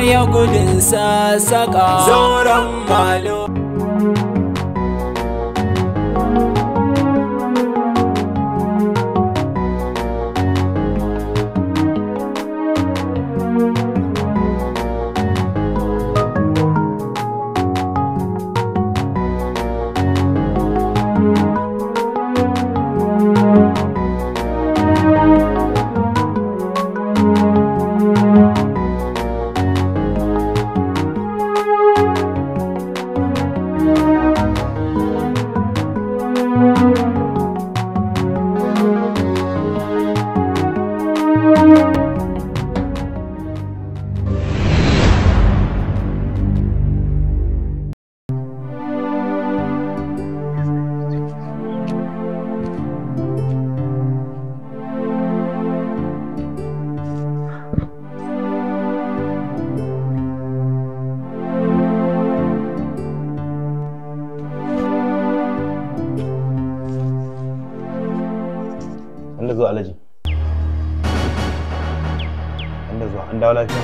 ya gudun saka zauren malo an dawo lafiya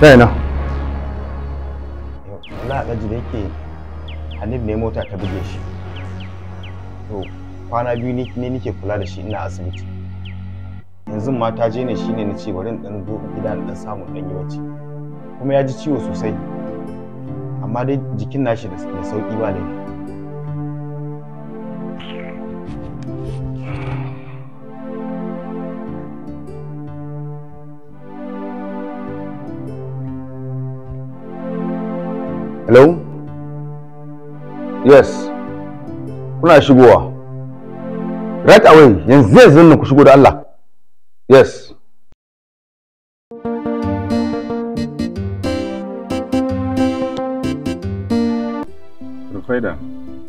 ta ina Allah a ɗaji da yake hanif ne mota ta buge shi to kwana biyu ne nike kula da shi ina asibiti yanzu ma ta je ne shine na ce bari in ɗan zo gida in ɗan samu ɗan yi wace kuma ya ji ciwo sosai amma dai jikin nashi da sauƙi ba ne. hello yes kuna shigowa right away yanzu yanzu ku shigo da Allah yes faida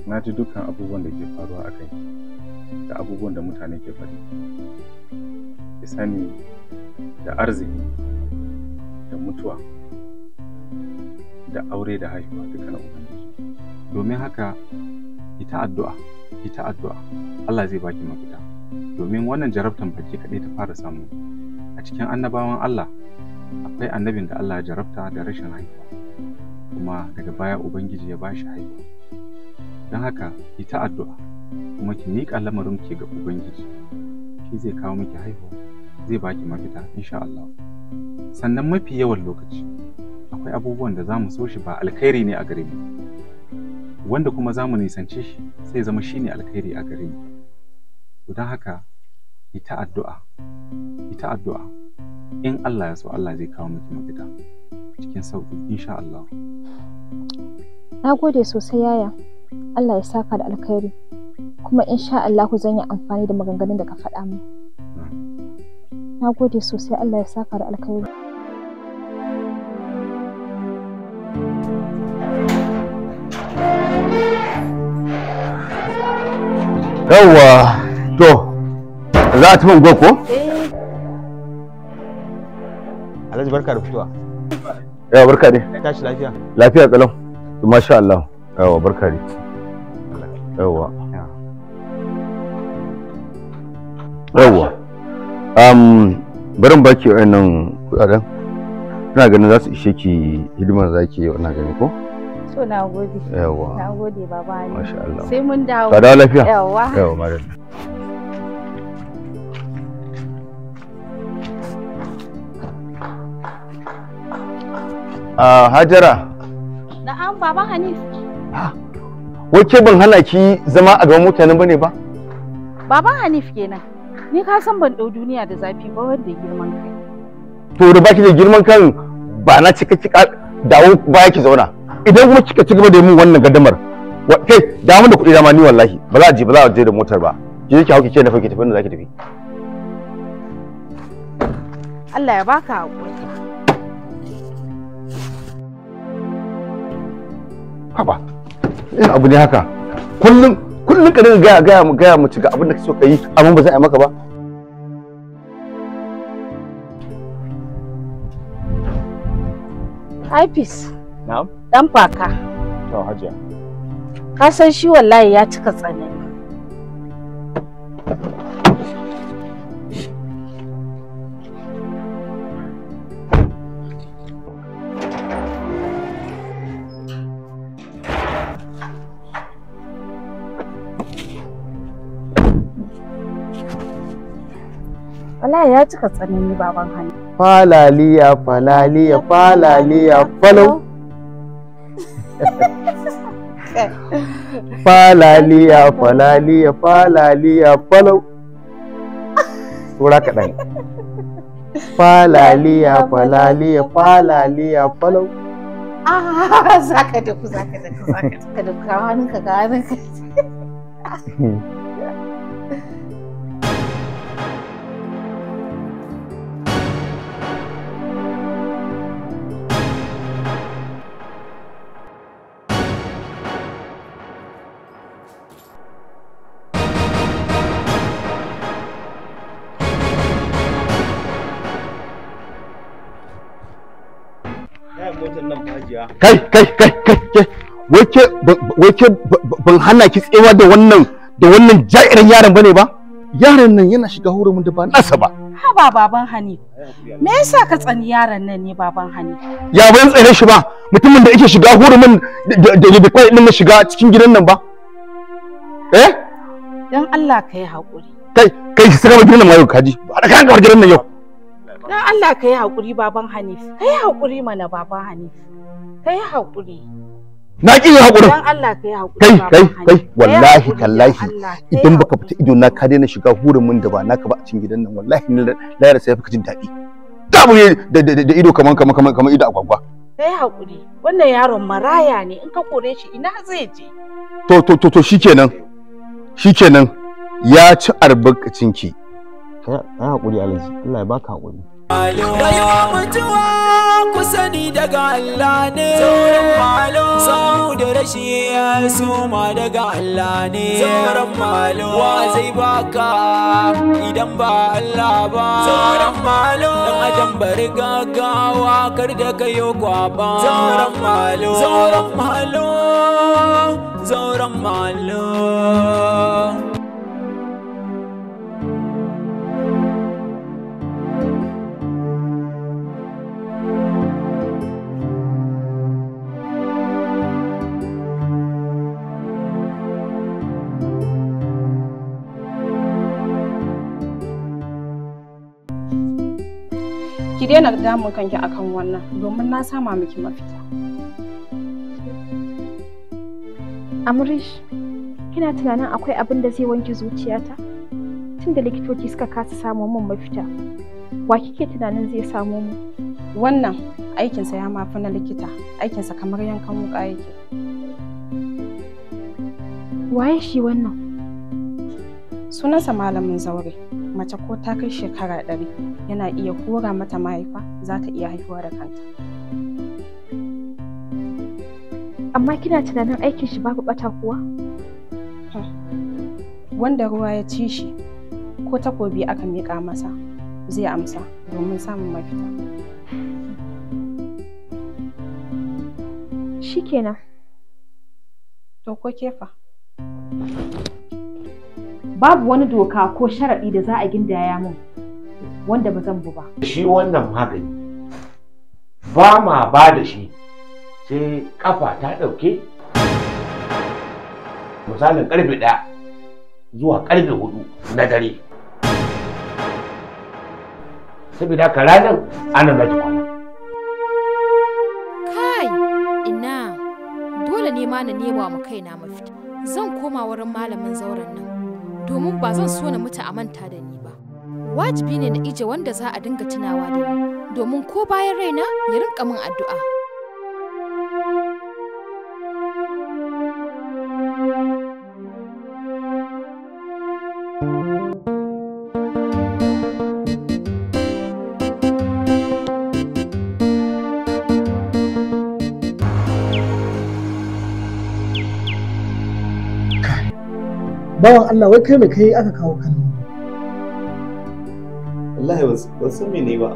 na ji dukkan abubuwan da ke faruwa a kai da abubuwan da mutane ke faɗi ki sani da arziki da mutuwa da aure da haihuwa duka na ubangiji domin haka ita addu'a ita addu'a Allah zai baki mafita domin wannan jarabtan baki kaɗai ta fara samu a cikin annabawan Allah akwai annabin da Allah ya jarabta da rashin haihuwa kuma daga baya ubangiji ya bashi haihuwa don haka ki ta addu'a kuma ki miƙa lamarin ki ga ubangiji shi zai kawo miki haihuwa zai baki mafita insha Allah sannan mafi yawan lokaci akwai abubuwan da za mu so shi ba alkhairi ne a gare mu wanda kuma za mu nisance shi sai zama shi ne alkhairi a gare mu don haka ita addu'a ita addu'a in Allah ya so Allah zai kawo miki mafita cikin sauƙi insha Allah na gode sosai yaya Allah ya saka da alkhairi kuma insha Allah zan yi amfani da maganganun da ka faɗa min na gode sosai Allah ya saka da alkhairi yawwa to za a min goko? Alhaji barka da fitowa. Yawa barka dai. Tashi lafiya. Lafiya kalau. To masha Allah. Yawa barka dai. yawwa yawwa um, barin baki wayannan kudaden ina ganin za su ishe ki hidimar za ki ina gani ko so na gode yawwa na baba ne sai mun dawo ka dawo lafiya wai ke ban hana ki zama a gaban mutanen bane ba baban Hanif kenan ni ka san ban dau duniya da zafi ba wanda girman kai to da baki da girman kan ba na cika kika dawo baya ki zauna idan kuma kika ci gaba da mun wannan gadamar kai mun da kuɗi dama ni wallahi ba za a je ba za a je da motar ba ki je ki hauki ke na ki tafi da zaki tafi Allah ya baka hakuri haba irin abu ne haka kullum kullum ka dinga gaya gaya mu gaya mu cika abin da kake ka yi amma ba zan yi maka ba Hafiz. Na'am. Dan faka. To hajiya. Ka san shi wallahi ya cika tsani. Wallahi ya cika tsanani baban hannu. Falaliya falaliya falaliya falau. Falaliya falaliya falaliya falau. Tura kaɗan. Falaliya falaliya falaliya falau. Ah, zaka da ku zaka da ku zaka da ku ka hannunka ka hannunka. kai kai kai kai kai wace wace ban hana ki tsewa da wannan da wannan ja'irin yaron bane ba yaron nan yana shiga hurumin da ba nasa ba ha ba baban hani me yasa ka tsani yaron nan ne baban hani ya ban tsare shi ba mutumin da yake shiga hurumin da da kai din shiga cikin gidan nan ba eh dan Allah Kai hakuri kai kai sai ka gidan nan ma yau kaji ba ka kan gidan nan yau Dan Allah ka yi haƙuri baban Hanif. Ka yi haƙuri mana baban Hanif. Ka yi haƙuri. Na ƙi yi haƙurin. Dan Allah ka yi haƙuri Kai kai kai wallahi tallahi idan baka fita ido na ka daina shiga hurumin da ba naka ba a cikin gidan nan wallahi lahira sai ka jin daɗi. Da mu da ido kaman kaman kaman kaman ido agwagwa. Ka yi haƙuri. Wannan yaron maraya ne in ka kore shi ina zai je. To to to to shikenan. Shikenan ya ci arbakacinki. Ka yi haƙuri Alhaji. Allah ya baka haƙuri. Rayuwa mutuwa ku sani daga Allah ne Samu da rashi ya daga Allah ne malo Wa zai baka idan ba Allah ba Sauran malo Dan adam kar da kayo kwaba Sauran malo malo malo ki daina damun kanki akan wannan domin na sama miki mafita amrish kina tunanin akwai abin da zai wanke zuciyata tunda likitoci suka kasa samu mun mafita wa kike tunanin zai samu mu wannan aikinsa ya mafi na likita aikinsa kamar yankan wuka yake waye shi wannan sunansa malamin zaure mace ko ta kai shekara ɗari yana iya hura mata mahaifa za ta iya haihuwa da kanta amma kina tunanin aikin shi babu bata kuwa hmm. wanda ruwa ya ci shi ko takobi aka miƙa masa zai amsa domin samun mafita shikenan to ko kefa babu wani doka ko sharaɗi da za a gindaya mun wanda ba zan bu ba. Shi wannan magani ba ma ba da shi sai kafa ta ɗauke misalin ƙarfe ɗaya zuwa ƙarfe hudu na dare. Saboda ka ranar ana na kwana. Kai ina dole ne ma na nema mu kaina mafita. Zan koma wurin malamin zauren nan. domin ba zan so na mutu a manta da ni ba wajibi ne na ije wanda za a dinga tunawa da ni domin ko bayan raina ya rinka min addu'a bawan Allah wai kai mai kai aka kawo Kano wallahi ban san me ne ba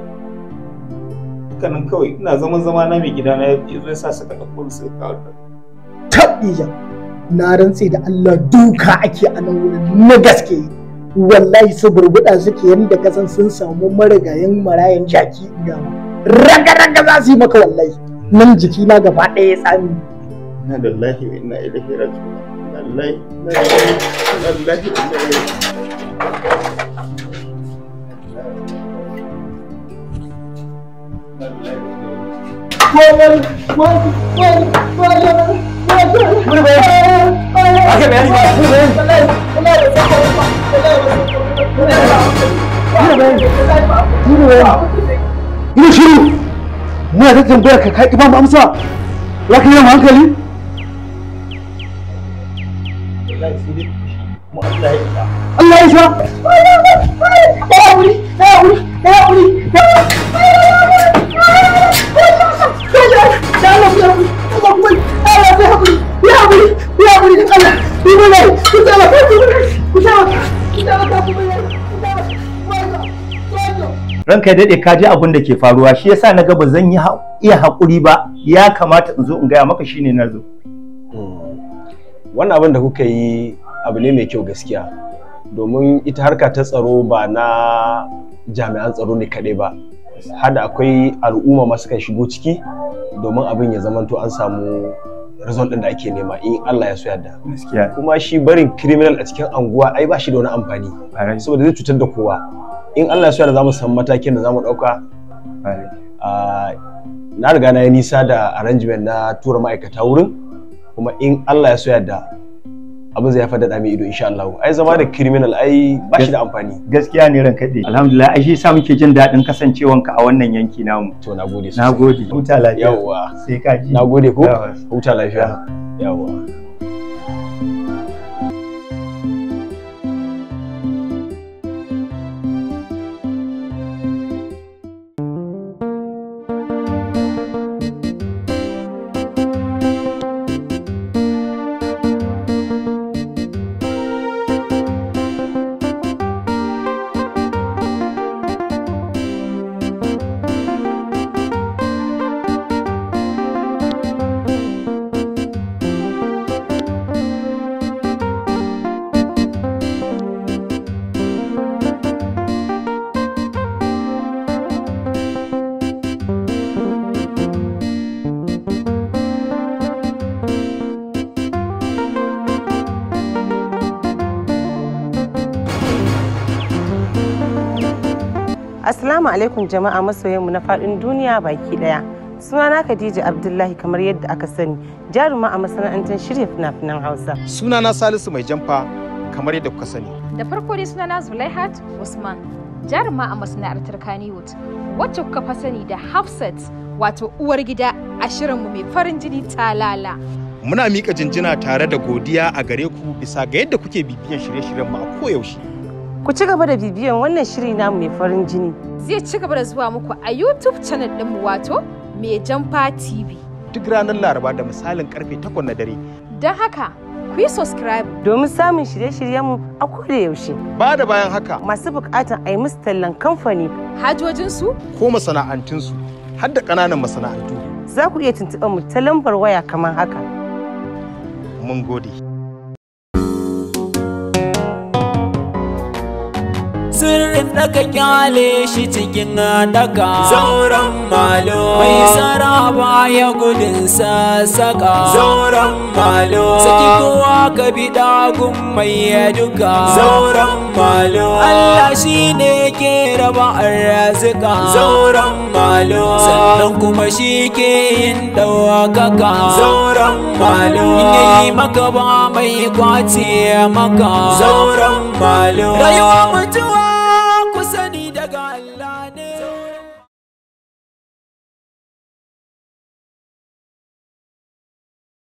hakanan kawai ina zaman zama na mai gida na ya zo ya sa suka su suka kawo tabbiya na rantse da Allah duka ake a nan wurin na gaske wallahi su burguda suke yadda kasan sun samu marigayen marayan jaki ga raga-raga za su yi maka wallahi nan jiki na gaba ɗaya tsami. Ina da lahi wa ina ilahi rajiwa. lallai Ina shiru, muna ta tambayar ka ka ƙi ba mu amsa, za ka hankali? Allah ya ranka daɗe ka ji abin da ke faruwa shi yasa na ga ba zan yi iya haƙuri ba ya kamata in zo in gaya maka shine na zo wannan abin da kuka yi abu ne mai kyau gaskiya domin ita harka ta tsaro ba na jami'an tsaro ne kaɗai ba hada akwai al'umma masu kan shigo ciki domin abin ya zamanto an samu result ɗin da ake nema in Allah ya so yadda kuma shi barin criminal a cikin anguwa ai ba shi da wani amfani saboda zai cutar da kowa in Allah ya so yadda zamu san matakin da zamu ɗauka ah, na riga na yi nisa da arrangement na tura ma'aikata wurin kuma in Allah ya so yadda abin zai haifar da dami ido insha Allah ai zama da criminal ai ba shi da amfani gaskiya ne ran kaɗe alhamdulillah ai shi sa muke jin daɗin kasancewanka a wannan yanki namu to nagode nagode huta lafiya yawa sai ka ji nagode ko huta lafiya yawa alaikum jama'a masoyanmu na faɗin duniya baki ɗaya. Sunana Khadija Abdullahi kamar yadda aka sani jaruma a masana'antar shirya fina-finan Hausa. Sunana Salisu mai jamfa kamar yadda kuka sani. Da farko dai sunana Zulaihat Usman jaruma a masana'antar kaniwood wacce kuka fa sani da Hafsat wato uwar gida a shirinmu mai farin jini ta lala. Muna mika jinjina tare da godiya a gare ku bisa ga yadda kuke bibiyan shirye-shiryenmu a koyaushe. Ku ci gaba da bibiyan wannan shiri na mai farin jini. Zai ci gaba da zuwa muku a YouTube channel mu wato Mai Jamfa TV. Duk ranar Laraba da misalin karfe 8 na dare. Don haka ku yi subscribe. Domin samun shirye-shiryenmu a koda yaushe. Ba da bayan haka. Masu bukatan a yi musu tallan kamfani. Hajojinsu. Ko masana'antunsu. Har da ƙananan masana'antu. Za ku iya tuntuɓar mu ta lambar waya kamar haka. Mun gode. in daga kyale shi cikin daga zauren malo mai saraba ya gudun sassaka zauren malo saki kowa ka bi dagun mai ya duka zauren malo Allah shi ne ke raba arzika zauren malo sannan kuma shi ke yin dawakaka zauren malo inda yi maka ba mai kwace maka zauren malo rayuwa mutuwa